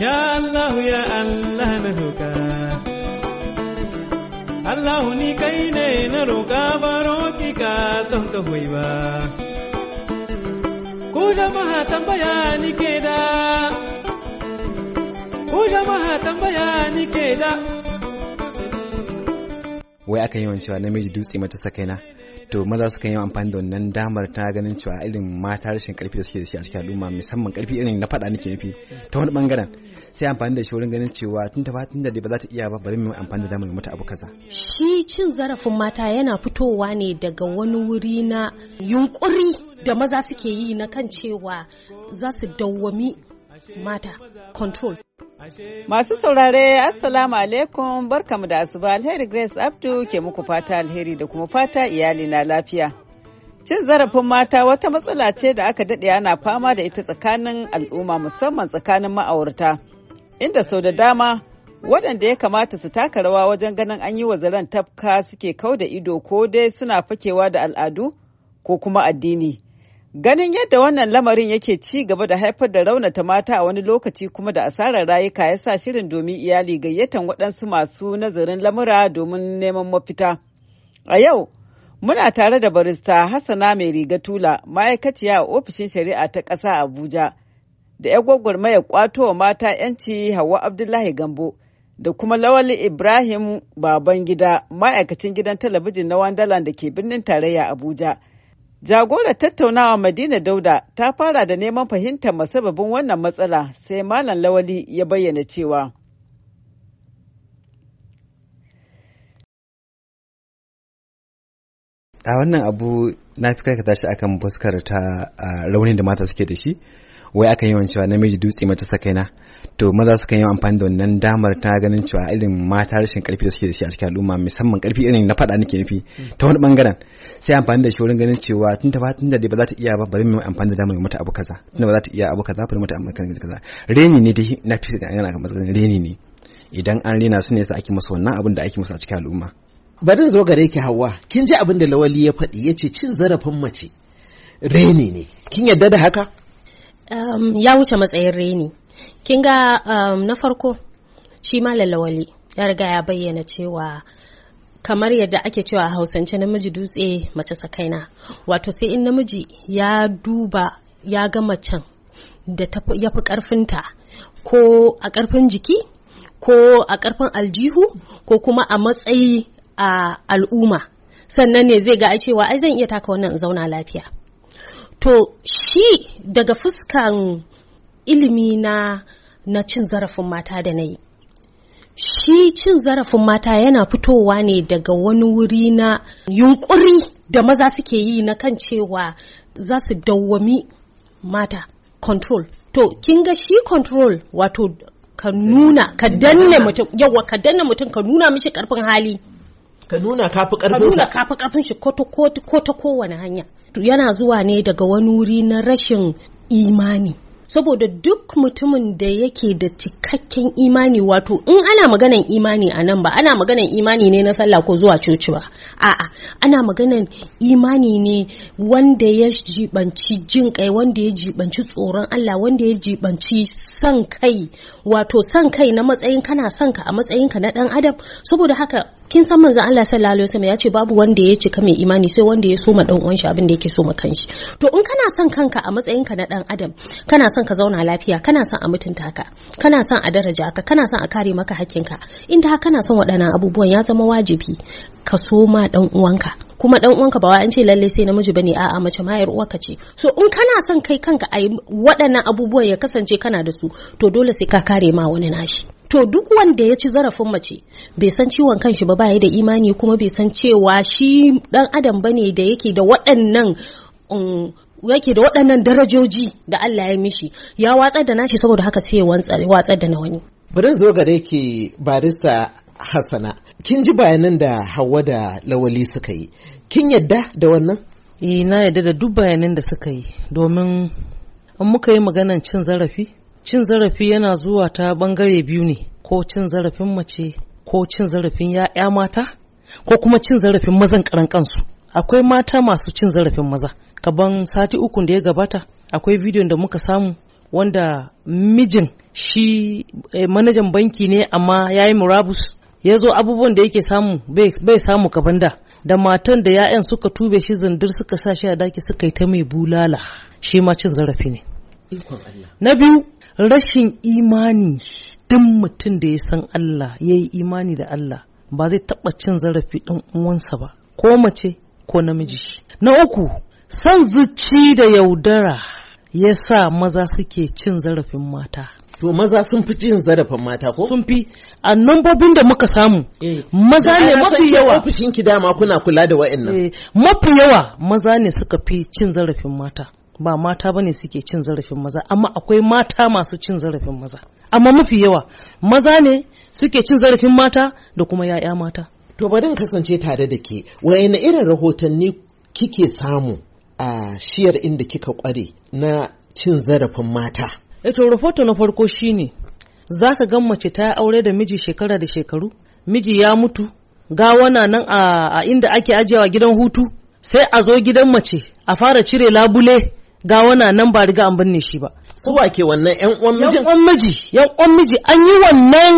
Ya Allah ya Allah na roƙa Allah ni kai ne na roƙa baro ki ka don ka hoyi ba Ku jama'a tambaya ni ke da Ku jama'a tambaya ni ke da Wai akan yi wancewa namiji dutse mata sakaina to maza suka yi amfani da wannan damar ta ganin cewa irin mata rashin karfi da suke da shi a cikin al'umma musamman karfi irin na faɗa nake nufi ta wani bangaren sai amfani da shi wurin ganin cewa tun ta tun da ba za ta iya ba bari mu amfani da damar ta abu kaza shi cin zarafin mata yana fitowa ne daga wani wuri na yunkuri da maza suke yi na kan cewa za su dawwami mata control Masu saurare Assalamu alaikum barkamu da asuba alheri Grace Abdu ke muku fata alheri da kuma fata iyali na lafiya. Cin zarafin mata wata matsala ce da aka daɗe ana fama da ita tsakanin al'umma musamman tsakanin ma'aurata. Inda sau da dama waɗanda ya kamata su taka rawa wajen ganin an yi wa zaren tafka suke kau da ido ko dai suna fakewa da al'adu ko kuma addini. Ganin yadda wannan lamarin yake ci gaba da haifar da raunata mata a wani lokaci kuma da asarar rayuka ya sa shirin domin iyali gayyatan waɗansu masu nazarin lamura domin neman mafita. A yau, muna tare da barista Hassana mai riga tula ma'aikaciya a ofishin shari'a ta ƙasa Abuja da 'yan gwagwarmayar kwato wa mata 'yanci Hauwa Abdullahi Gambo da kuma Lawali Ibrahim Babangida ma'aikacin gidan talabijin na Wandalan da ke birnin tarayya Abuja. Jagorar tattaunawa Madina Dauda ta fara da neman fahimtar masababin wannan matsala sai Malam Lawali ya bayyana cewa. A wannan abu na fi karkata shi akan fuskar ta raunin da mata suke da shi, wai akan yi cewa namiji dutse mata sakaina. to maza sukan yi amfani da wannan damar ta ganin cewa irin mata rashin karfi da suke da shi a cikin al'umma musamman karfi irin na faɗa nake nufi ta wani bangaren sai amfani da shi wurin ganin cewa tun tafa tun da ba za ta iya ba bari mu amfani da damar mata abu kaza tun da ba za ta iya abu kaza bari mu mata amfani da kaza reni ne dai na fi da ana kamar reni ne idan an rena su ne sa ake masa wannan abin da ake masa a cikin al'umma bari zo gare ki hawa kin ji abin da lawali ya faɗi yace cin zarafin mace reni ne kin yadda da haka ya wuce matsayin reni Kinga um, na farko shi ma lalawali ya riga ya bayyana cewa kamar yadda ake cewa a hausance namiji dutse mace tsakaina wato sai in namiji ya duba ya ga macen da ya fi karfinta ko a karfin jiki ko a karfin aljihu ko kuma a matsayi a al'umma sannan ne zai ga a cewa ai zan iya taka wannan zauna lafiya to shi daga fuskan ilimi na na cin zarafin mata da na yi shi cin zarafin mata yana fitowa ne daga wani wuri na yunkuri da maza suke yi na kan cewa za su dawwami mata control to kin ga shi control wato ka nuna ka danne mutum yawa ka danne mutum ka nuna mishi karfin hali ka nuna kafi karfin ka nuna kafi karfin shi ko ta kowane hanya yana zuwa ne daga wani wuri na rashin imani saboda duk mutumin da yake da cikakken imani wato in ana maganan imani a nan ba ana maganan imani ne na sallah ko zuwa coci ba a'a ana maganan imani ne wanda ya jibanci jin kai wanda ya jibanci tsoron Allah wanda ya jibanci san kai wato san kai na matsayin kana son ka a matsayin ka na dan adam saboda haka kin san manzon Allah sallallahu alaihi wasallam ya ce babu wanda ya cika mai imani sai wanda ya soma dan uwan shi abin da yake soma kanshi to in kana son kanka a matsayin ka na dan adam kana son ka zauna lafiya kana son a mutunta ka kana son a daraja ka kana son a kare maka hakkin ka inda haka kana son waɗannan abubuwan ya zama wajibi ka soma dan uwanka kuma dan uwanka ba wai an ce lalle sai namiji bane a'a mace ma yar ka ce so in kana son kai kanka a waɗannan abubuwan ya kasance kana da su to dole sai ka kare ma wani nashi to duk wanda ya ci zarafin mace bai san ciwon kanshi ba baya da imani kuma bai san cewa shi dan adam bane da yake da waɗannan um, yake da waɗannan darajoji da Allah ya mishi ya watsar da nashi saboda haka sai ya watsar da na wani bari zo ga ki barista Hassana kin ji bayanan da Hauwa da Lawali suka yi kin yadda da wannan eh, na yadda da duk bayanan da suka yi domin in muka yi maganan cin zarafi cin zarafi yana zuwa ta bangare biyu ne ko cin zarafin mace ko cin zarafin ya'ya mata ko kuma cin zarafin mazan karan kansu akwai mata masu cin zarafin maza kaban sati uku da ya gabata akwai bidiyon da muka samu wanda mijin shi eh, manajan banki ne amma ya yi murabus ya zo abubuwan da yake samu bai samu kaban da da matan da 'ya'yan suka tube shi zandir suka sa shi a daki suka yi ta mai bulala shi ma cin zarafi ne na biyu rashin imani don mutum da ya san Allah ya yi imani da Allah ba zai taɓa cin zarafi ɗan uwansa ba ko mace ko namiji na uku san zuci da yaudara ya sa maza suke cin zarafin mata to maza sun fi cin zarafin mata ko sun fi a nambobin da muka samu eh. maza ne mafi yawa ofishin ki dama kuna kula da wa'annan eh, mafi yawa maza ne suka fi cin zarafin mata ba mata ba ne suke cin zarafin maza amma akwai mata masu cin zarafin maza amma mafi yawa maza ne suke cin zarafin mata da kuma 'ya'ya mata to ba in kasance tare da ke wayanne irin rahotanni kike samu a shiyar inda kika kware na cin zarafin mata eto eh rahoto na farko shine za ka gan mace ta aure da miji shekara da shekaru miji ya mutu gawa na nan a inda ake ajiyawa gidan hutu sai a zo gidan mace a fara cire labule gawa na nan ba riga an binne shi ba ko ba ke wannan yan uwan miji yan uwan miji yan uwan miji an yi wannan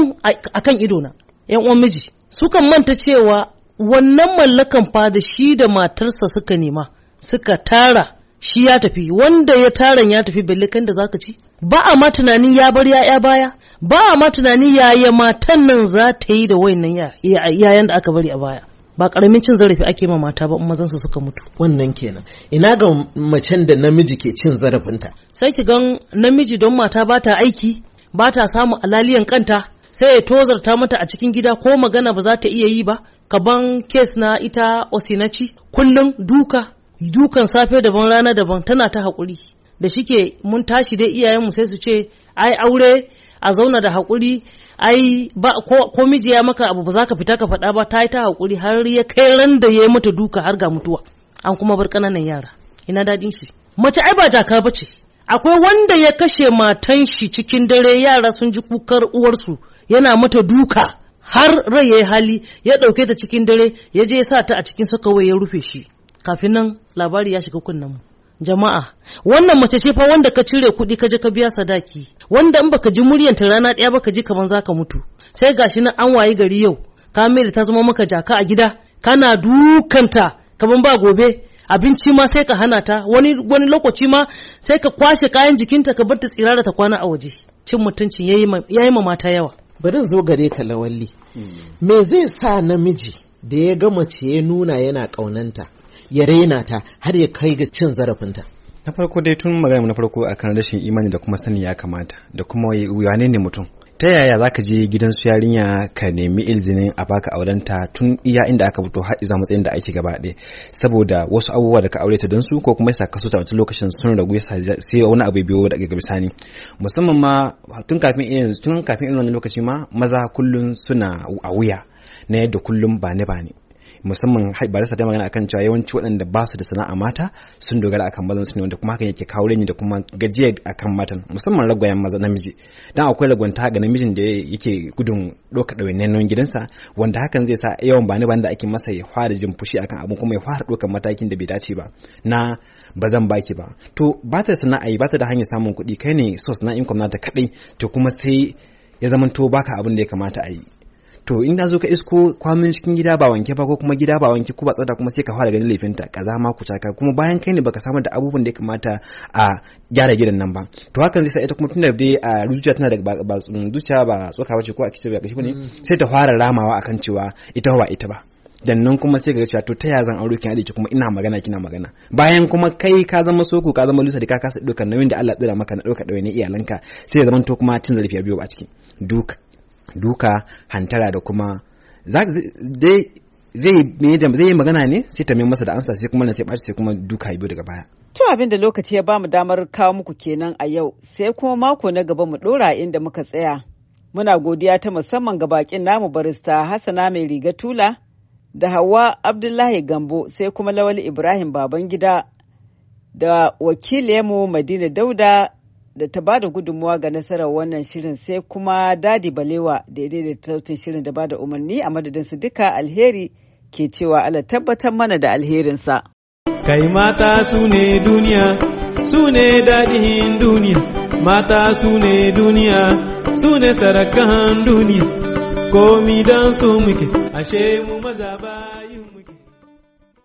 akan ido na yan uwan miji sukan manta cewa wannan mallakan fa da shi da matarsa suka nema suka tara shi ya tafi wanda ya taran ya tafi balle kan da zaka ci ba a ma tunanin ya bar ya'ya baya ba a ma tunanin yaya matan nan za ta yi da wayannan yayan da aka bari a baya ba karamin cin zarafi ake ma mata ba mazan su suka mutu wannan kenan ina ga macen da namiji ke cin zarafinta sai ki gan namiji don mata ba ta aiki ba ta samu alaliyan kanta sai ya tozarta mata a cikin gida ko magana ba za ta iya yi ba kaban kes na ita osinaci kullum duka dukan safe daban rana daban tana ta hakuri da shike mun tashi dai iyayenmu sai su ce ai aure a zauna da haƙuri ai ba ko, ko miji ya maka abu ba za ka fita ka faɗa ba ta yi ta haƙuri har ya kai ran da ya yi mata duka har ga mutuwa an kuma bar ƙananan yara ina daɗin shi mace ai ba jaka ba ce akwai wanda ya kashe matan shi cikin dare yara sun ji kukar uwarsu yana mata duka har rai ya hali ya ɗauke ta cikin dare ya je ya sa ta a cikin sakawai ya rufe shi kafin nan labari ya shiga kunnen mu jama'a wannan mace ce fa wanda ka cire kuɗi ka je ka biya sadaki wanda in baka ji muryanta rana ɗaya baka ji kaman zaka mutu sai gashi na an wayi gari yau ka mai ta zama maka jaka a gida kana dukanta kaman ba gobe abinci ma sai ka hana ta wani wani lokaci ma sai ka kwashe kayan jikinta ka bar ta tsirara ta kwana a waje cin mutuncin yayi ma mata yawa bari zo gare ka lawalli me zai sa namiji da ya ga mace ya nuna yana ƙaunanta ya raina ta har ya kai ga cin zarafinta na farko dai tun magana na farko akan rashin imani da kuma sani ya kamata da kuma wane ne mutum ta yaya za ka je gidan su yarinya ka nemi ilzinin a baka aurenta tun iya inda aka fito har iza matsayin da ake gaba saboda wasu abubuwa da ka aure ta don su ko kuma yasa ka ta wata lokacin sun ragu yasa sai wani abu biyo daga bisani musamman ma tun kafin irin tun kafin irin wannan lokaci ma maza kullun suna a wuya na yadda kullum ba ne ba ne musamman barista ta magana akan cewa yawanci waɗanda ba su da sana'a mata sun dogara akan mazan su ne wanda kuma hakan yake kawo rani da kuma gajiya akan matan musamman ragwayen maza namiji dan akwai ragwanta ga namijin da yake gudun ɗaukar ɗawainiyar nan gidansa wanda hakan zai sa yawan bani bani da ake masa ya fara jin fushi akan abun kuma ya fara ɗaukar matakin da bai dace ba na ba zan baki ba to ba ta sana'a ba ta da hanyar samun kuɗi kai ne sos na income ta kaɗai to kuma sai ya zamanto baka abin da ya kamata a yi to in ta zo ka isko kwamin cikin gida ba wanke ba ko kuma gida ba wanke ko ba tsada kuma sai ka fara ganin laifinta kaza ma ku caka kuma bayan kai ne baka samar da abubuwan da ya kamata a gyara gidan nan ba to hakan zai sa ita kuma tunda dai a zuciya tana da ba zuciya ba tsoka ce ko a kishi ba kashi ne mm. sai ta fara ramawa akan cewa ita ba ita ba dan nan kuma sai ga cewa to ta ya zan aure kin aiki kuma ina magana kina magana bayan kuma kai ka zama soko ka zama lusa da ka kasa dukan nauyin da Allah tsira maka na dauka ne iyalanka sai ya zama to kuma cin zarafi biyo ba ciki duka duka hantara da kuma zai yi magana ne sai ta masa da ansa sai kuma na sai ɓarci sai kuma duka biyu daga baya. To abin da lokaci ya ba mu damar kawo muku kenan a yau sai kuma mako na gaba mu ɗora inda muka tsaya. Muna godiya ta musamman ga bakin namu barista Hassana mai riga tula da Hawa Abdullahi Gambo sai kuma Lawal Ibrahim Babangida da wakilemu Madina Dauda da ta bada gudunmuwa ga nasarar wannan shirin sai kuma dadi balewa da da sautin shirin da bada umarni a madadin su duka alheri ke cewa ala tabbatar mana da alherinsa. Kai mata su ne duniya, su ne dadihin duniya, mata su ne duniya, su ne sarakan duniya, komi don su muke, ashe mu maza